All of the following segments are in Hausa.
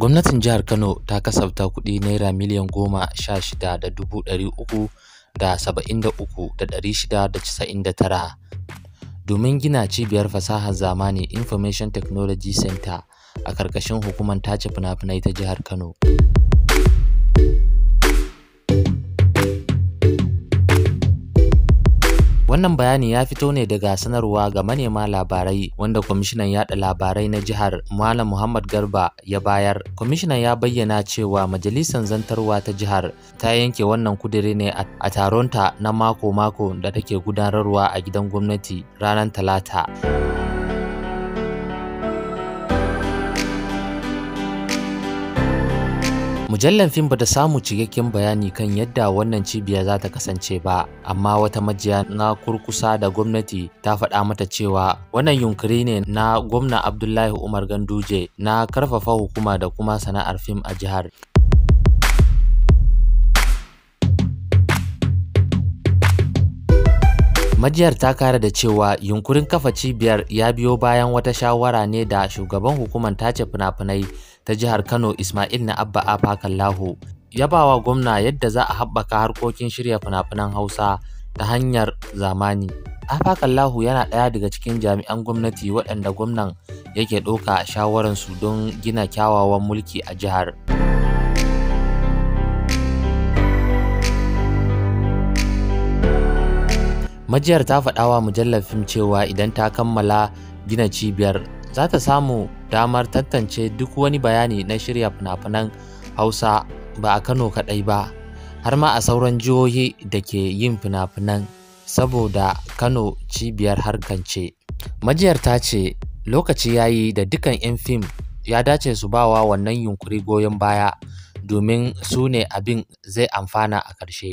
Gwamnatin Jihar Kano ta kasafta kuɗi Naira miliyan goma sha shida da dubu ɗari uku da saba'in da uku da ɗari shida da casa'in da tara domin gina Cibiyar Fasahar Zamani (Information Technology Center) a ƙarƙashin Hukumar Tace Fina-finai ta Jihar Kano. Wannan bayani ya fito ne daga sanarwa ga manema labarai wanda kwamishinan yada labarai na jihar Malam Muhammad Garba ya bayar. Kwamishinan ya bayyana cewa majalisar zantarwa ta jihar ta yanke wannan kudiri ne a taronta na mako-mako da take gudanarwa a gidan gwamnati ranar Talata. mujallan fim bata samu cikakken bayani kan yadda wannan cibiya za ta kasance ba amma wata majiya na kurkusa da gwamnati ta faɗa mata cewa wannan yunkuri ne na gwamna abdullahi umar ganduje na karfafa hukuma da kuma sana'ar fim a jihar Majiyar ta kara da cewa yunkurin kafa cibiyar ya biyo bayan wata shawara ne da shugaban hukumar tace fina-finai ta jihar Kano Ismail na Abba Afakallahu yabawa gwamna yadda za a haɓaka harkokin shirya fina-finan Hausa ta hanyar zamani. Afakallahu yana ɗaya daga cikin jami'an gwamnati waɗanda gwamnan yake ɗauka shawararsu don gina kyawawan mulki a jihar. Majiyar ta faɗawa mujallar fim cewa idan ta kammala gina cibiyar za ta samu damar tantance duk wani bayani na shirya fina-finan Hausa ba a Kano kaɗai ba, har ma a sauran jihohi da ke yin fina-finan saboda Kano cibiyar harkance. Majiyar ta ce lokaci ya yi da dukan 'yan fim ya dace su bawa wannan yunkuri goyon baya domin su ne abin zai amfana a ƙarshe.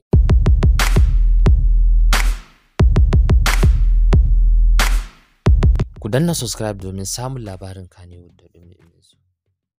Ku danna subscribe domin samun labarin Kannywood da